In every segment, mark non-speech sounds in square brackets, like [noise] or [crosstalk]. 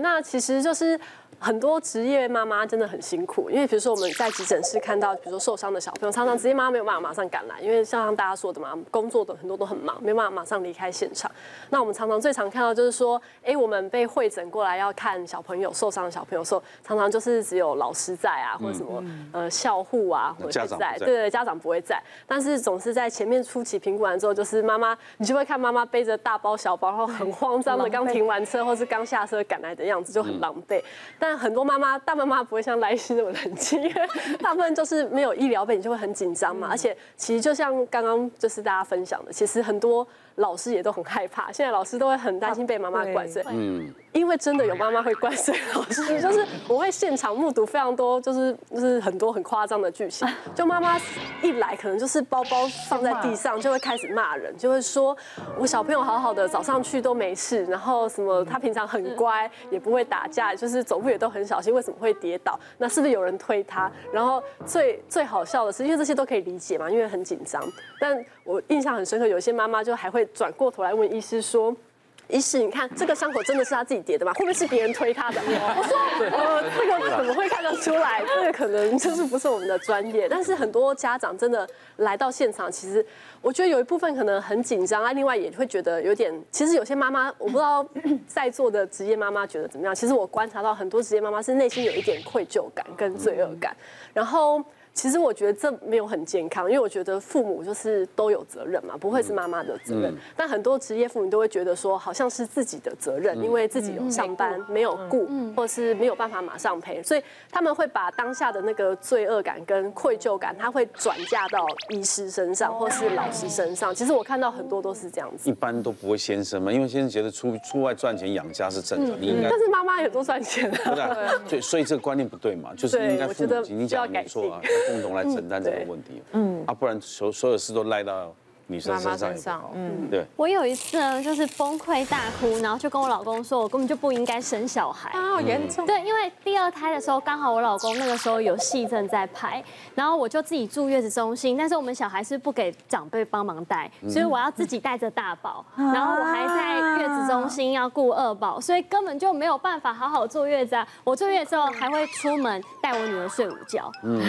那其實就是很多職業媽媽真的很辛苦，因為比如說我們在急診室看到，比如說受傷的小朋友，常常職業媽媽沒有辦法馬上趕來，因為像大家說的嘛，工作的很多都很忙，沒有辦法馬上離開現場。那我們常常最常看到就是說，哎、欸，我們被會診過來要看小朋友受傷的小朋友時候，常常就是只有老師在啊，或者什麼、嗯、呃校護啊，或者是家長在，對，對家長不會在，但是總是在前面初期評估完之後，就是媽媽，你就會看媽媽背着大包小包，然後很慌張的剛停完車或是剛下車趕來的。樣子就很狼狽，嗯、但很多媽媽，大媽媽不會像萊西那麼冷靜， [laughs] 因為大部分就是沒有醫療費，你就會很緊張嘛。嗯、而且其實就像剛剛就是大家分享的，其實很多。老師也都很害怕，現在老師都會很擔心被媽媽怪罪，嗯，因為真的有媽媽會怪罪老師，就是我會現場目睹非常多，就是就是很多很誇張的劇情，就媽媽一來，可能就是包包放在地上，就會開始罵人，就會說我小朋友好好的，早上去都沒事，然後什麼他平常很乖，也不會打架，就是走路也都很小心，為什麼會跌倒？那是不是有人推他？然後最最好笑的是，因為這些都可以理解嘛，因為很緊張，但我印象很深刻，有些媽媽就還會。轉過頭來問醫師說：“醫師，你看這個傷口真的是他自己跌的嗎？會不會是別人推他的？” [laughs] 我說：“哦了，呃、這個怎麼會看得出來？這個 [laughs] 可能就是不是我們的專業。”但是很多家長真的來到現場，其實我覺得有一部分可能很緊張，啊，另外也會覺得有點……其實有些媽媽，我不知道在座的職業媽媽覺得怎麼樣。其實我觀察到很多職業媽媽是內心有一點愧疚感跟罪惡感，然後。其實我覺得這沒有很健康，因為我覺得父母就是都有責任嘛，不會是媽媽的責任。嗯。但很多職業父母都會覺得說，好像是自己的責任，因為自己有上班沒有顧，或是沒有辦法馬上陪，所以他們會把當下的那個罪惡感跟愧疚感，他會轉嫁到醫師身上或是老師身上。其實我看到很多都是這樣子。一般都不會先生嘛，因為先生覺得出出外賺錢養家是真的，你應該。但是媽媽也多賺錢啊。對，所以這個觀念不對嘛，就是應該夫妻要改錯。共同來承擔這個問題，啊，嗯對，嗯，啊，不然所所有事都賴到，你身身媽媽身上，嗯，對。我有一次呢，就是崩潰大哭，然後就跟我老公說，我根本就不應該生小孩。啊，嚴重。對，因為第二胎的時候，剛好我老公那個時候有戲正在拍，然後我就自己住月子中心。但是我們小孩是不給長輩幫忙帶，所以我要自己帶着大寶。嗯、然後我還在月子中心要顧二寶，所以根本就沒有辦法好好坐月子啊！我坐月子之後還會出門帶我女兒睡午覺，嗯、就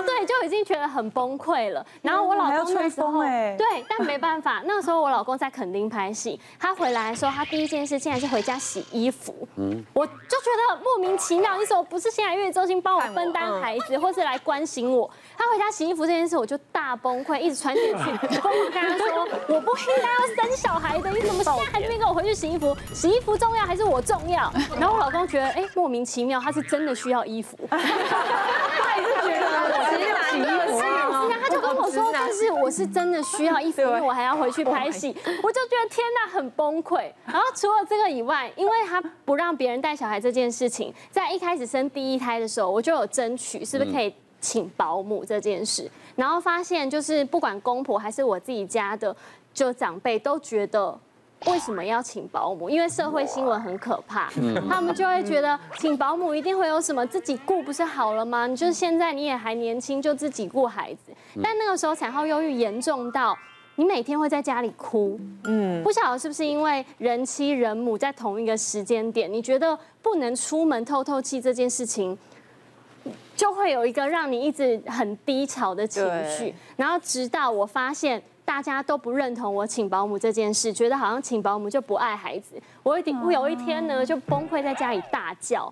是對，就已經覺得很崩潰了。然後我老公吹風哎、欸、對。但沒辦法，那個時候我老公在墾丁拍戲，他回來的時候，他第一件事竟然是回家洗衣服。嗯，我就覺得很莫名其妙，你怎麼不是先來月子中心幫我分擔孩子，嗯、或是來關心我？他回家洗衣服這件事，我就大崩潰，一直穿進去，瘋狂、嗯、跟他說：“ [laughs] 我不應該要生小孩的，你怎麼現在還沒跟我回去洗衣服？洗衣服重要還是我重要？”嗯、然後我老公覺得，哎、欸，莫名其妙，他是真的需要衣服。哈哈哈哈哈。我說，但是我是真的需要一分。因為我還要回去拍戲，我就覺得天吶，很崩潰。然後除了這個以外，因為他不讓別人帶小孩這件事情，在一開始生第一胎的時候，我就有爭取是不是可以請保姆這件事，然後發現就是不管公婆還是我自己家的，就長輩都覺得。為什麼要請保姆？因為社會新聞很可怕，嗯、他們就會覺得請保姆一定會有什麼，自己顧不是好了嗎？你就是現在你也還年輕，就自己顧孩子。嗯、但那個時候產後憂鬱嚴重到你每天會在家裡哭，嗯，不曉得是不是因為人妻人母在同一個時間點，你覺得不能出門透透氣這件事情，就會有一個讓你一直很低潮的情緒。對然後直到我發現大家都不認同我請保姆這件事，覺得好像請保姆就不愛孩子。我一定有一天呢，就崩潰在家裡大叫，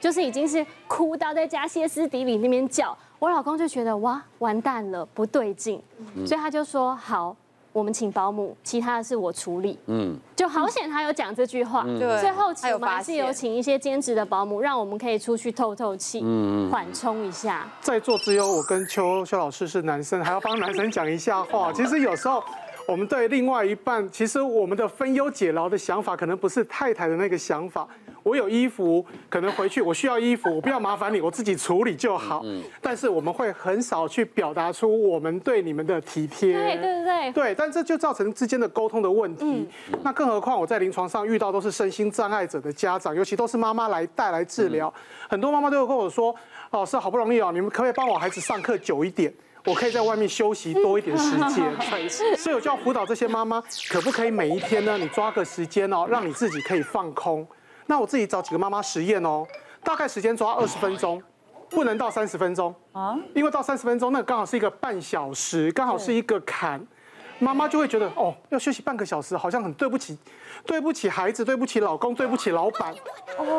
就是已經是哭到在家歇斯底里那邊叫。我老公就覺得哇，完蛋了，不對勁，所以他就說好。我們請保姆，其他的事我處理。嗯，就好險他有講這句話。對、嗯，最後我們還是有請一些兼職的保姆，讓我們可以出去透透氣，緩衝、嗯、一下。在座只有我跟邱邱老師是男生，還要幫男生講一下話。其實有時候我們對另外一半，其實我們的分憂解勞的想法，可能不是太太的那個想法。我有衣服，可能回去我需要衣服，我不要麻煩你，我自己處理就好。嗯嗯、但是我們會很少去表達出我們對你們的體貼。對對對，對，但這就造成之間的溝通的問題。嗯、那更何況我在臨床上遇到都是身心障礙者的家長，尤其都是媽媽來帶來治療，嗯、很多媽媽都會跟我說：“老師好不容易哦，你們可不可以幫我孩子上課久一點，我可以在外面休息多一點時間。是”所以我就要輔導這些媽媽，可不可以每一天呢？你抓個時間哦，讓你自己可以放空。那我自己找幾個媽媽實驗哦，大概時間抓二十分鐘，不能到三十分鐘啊，因為到三十分鐘那剛好是一個半小時，剛好是一個坎，媽媽就會覺得哦，要休息半個小時，好像很對不起，對不起孩子，對不起老公，對不起老闆，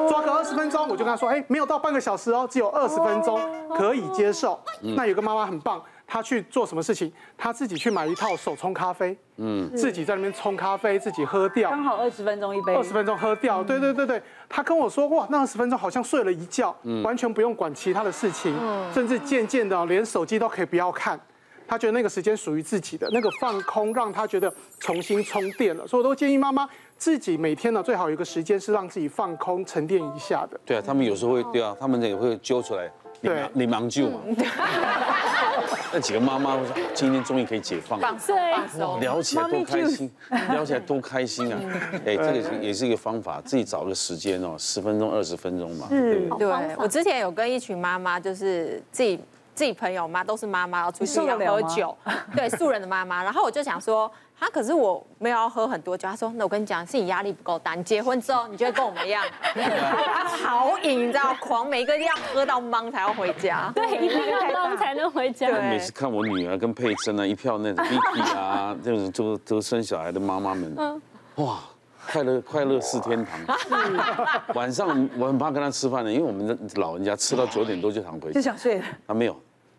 抓個二十分鐘，我就跟她說，哎，沒有到半個小時哦，只有二十分鐘，可以接受。那有個媽媽很棒。他去做什麼事情？他自己去買一套手沖咖啡，嗯是，自己在那邊沖咖啡，自己喝掉，剛好二十分鐘一杯，二十分鐘喝掉。嗯、對對對對，他跟我說，哇，那二十分鐘好像睡了一覺，嗯、完全不用管其他的事情，嗯、甚至漸漸的連手機都可以不要看。嗯、他覺得那個時間屬於自己的，那個放空讓他覺得重新充電了。所以我都建議媽媽自己每天呢，最好有個時間是讓自己放空、沉澱一下的。對啊，他們有時候會，對啊，他們也會揪出來，你忙揪嘛。嗯 [laughs] 那幾個媽媽都說，今天終於可以解放了，放鬆，聊起來多開心，聊起來多開心啊！哎，這個也是一個方法，自己找個時間哦，十分鐘、二十分鐘嘛。對，對我之前有跟一群媽媽，就是自己。自己朋友嘛，都是媽媽，要出去要喝酒，對素人的媽媽。然後我就想說，她，可是我沒有要喝很多酒。她說：“那我跟你講，是你壓力不夠大。你結婚之後，你就會跟我們一樣，好癮你知道狂，每個要喝到茫才要回家。對，喝到茫才能回家。每次看我女兒跟佩甄啊，一票那種 B B 啊，就是就就生小孩的媽媽們，哇，快樂快樂似天堂。是，晚上我很怕跟她吃飯的，因為我們的老人家吃到九點多就想回去就想睡。啊，沒有。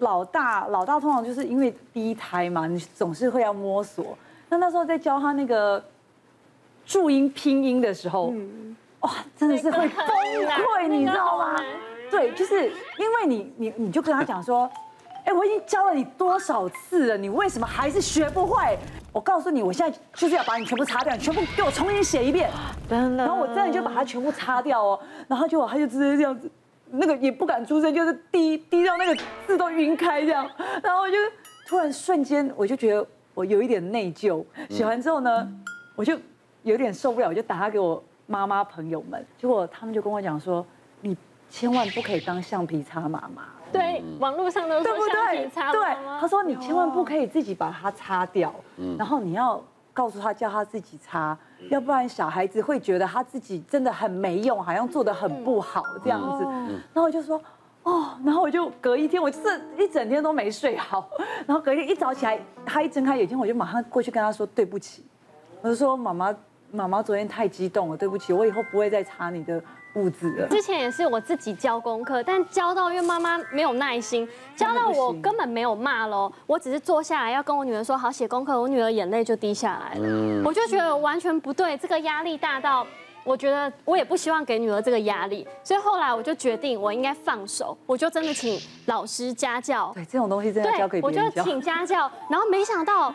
老大，老大通常就是因為第一胎嘛，你總是會要摸索。那那時候在教他那個注音拼音的時候，哇，真的是會崩潰，你知道嗎？對，就是因為你，你你就跟他講說，哎，我已經教了你多少次了，你為什麼還是學不會？我告訴你，我現在就是要把你全部擦掉，全部給我重新寫一遍。等等。然後我真的就把他全部擦掉哦，然後就他就直接這樣子。那個也不敢出聲，就是滴滴到那個字都暈開這樣，然後就突然瞬間我就覺得我有一點內疚。寫完之後呢，我就有點受不了，我就打給我媽媽朋友們，結果他們就跟我講說：“你千萬不可以當橡皮擦媽媽哦。”對，網絡上的橡皮擦媽媽，對，對，他說你千萬不可以自己把它擦掉，然後你要。告訴他，叫他自己擦，要不然小孩子會覺得他自己真的很沒用，好像做得很不好這樣子。然後我就說，哦，然後我就隔一天，我是一整天都沒睡好。然後隔一天一早起來，他一睜開眼睛，我就馬上過去跟他說對不起，我就說媽媽，媽媽昨天太激動了，對不起，我以後不會再查你的物質了。之前也是我自己教功課，但教到因為媽媽沒有耐心，教到我根本沒有罵嘍，我只是坐下來要跟我女兒說好寫功課，我女兒眼淚就滴下來了，嗯、我就覺得完全不對，這個壓力大到我覺得我也不希望給女兒這個壓力，所以後來我就決定我應該放手，我就真的請老師家教，對這種東西真的交給別人教，我就請家教，然後沒想到。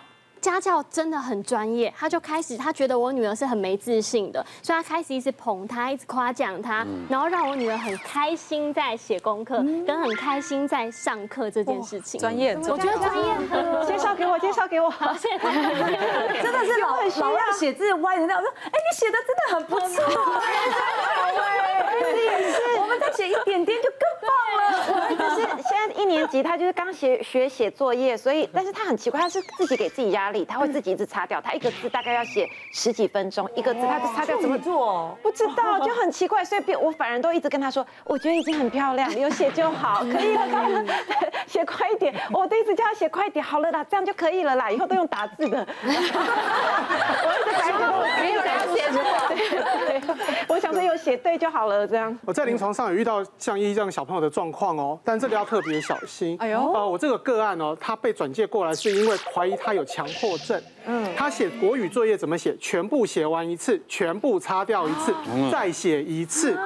家教真的很專業，他就開始，他覺得我女兒是很沒自信的，所以他開始一直捧她，一直誇獎她，嗯、然後讓我女兒很開心在寫功課，跟很開心在上課這件事情。專業，我覺得專業、就是、專業，介紹給我，介紹給我，真的是老老要寫字歪的那樣，我說，哎、欸，你寫的真的很不錯、欸，對、欸，我們再寫一點點。一年級，他就是剛學學寫作業，所以，但是他很奇怪，他是自己給自己壓力，他會自己一直擦掉，他一個字大概要寫十幾分鐘，一個字他就，他不擦掉怎麼做？不知道，就很奇怪。所以，我反而都一直跟他說，我覺得已經很漂亮，有寫就好，可以了，嗯寫快一點！我的意思叫他寫快一點。好了啦，這樣就可以了啦。以後都用打字的。 [laughs] [laughs] 我是白痴，沒有寫。我想說有寫對就好了，這樣。我在臨床上有遇到像依依這樣小朋友的狀況哦，但這個要特別小心。哎呦，啊，我這個個案哦，他被轉介過來是因為懷疑他有強迫症。嗯。他寫國語作業怎麼寫？全部寫完一次，全部擦掉一次，再寫一次。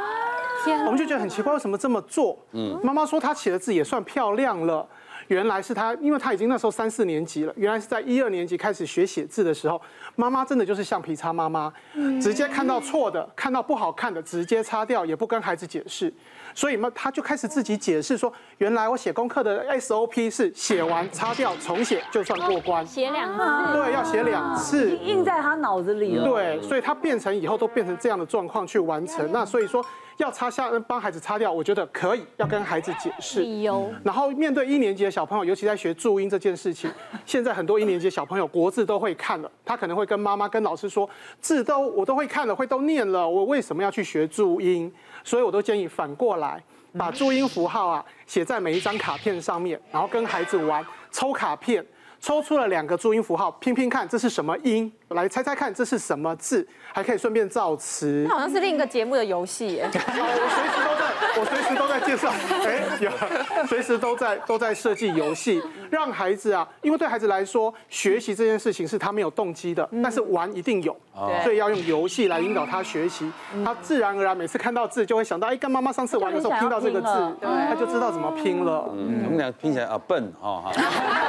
啊、我們就覺得很奇怪，為什麼這麼做？嗯，媽媽說，她寫的字也算漂亮了。原來是她，因為她已經那時候三四年級了。原來是在一二年級開始學寫字的時候，媽媽真的就是橡皮擦媽媽，直接看到錯的、看到不好看的直接擦掉，也不跟孩子解釋。所以媽他就開始自己解釋說，原來我寫功課的 SOP 是寫完擦掉重寫，就算過關。寫兩次，對，要寫兩次。印在他腦子裡了。對，所以他變成以後都變成這樣的狀況去完成。那所以說。要擦下幫孩子擦掉，我覺得可以。要跟孩子解釋理由。然後面對一年級的小朋友，尤其在學注音這件事情，現在很多一年級的小朋友國字都會看了，他可能會跟媽媽、跟老師說，字都我都會看了，會都念了，我為什麼要去學注音？所以，我都建議反過來把注音符號啊寫在每一張卡片上面，然後跟孩子玩抽卡片。抽出了兩個注音符號，拼拼看，這是什麼音，來猜猜看這是什麼字，還可以順便造詞。那好像是另一個節目的遊戲耶。我隨時都在，我隨時都在介紹，哎、欸，有，隨時都在都在設計遊戲，讓孩子啊，因為對孩子來說，學習這件事情是他沒有動機的，嗯、但是玩一定有，所以要用遊戲來引導他學習，嗯、他自然而然每次看到字就會想到，哎、欸，跟媽媽上次玩的時候拼到這個字，他就知道怎麼拼了。嗯嗯嗯、我們倆拼起來啊笨啊。哦。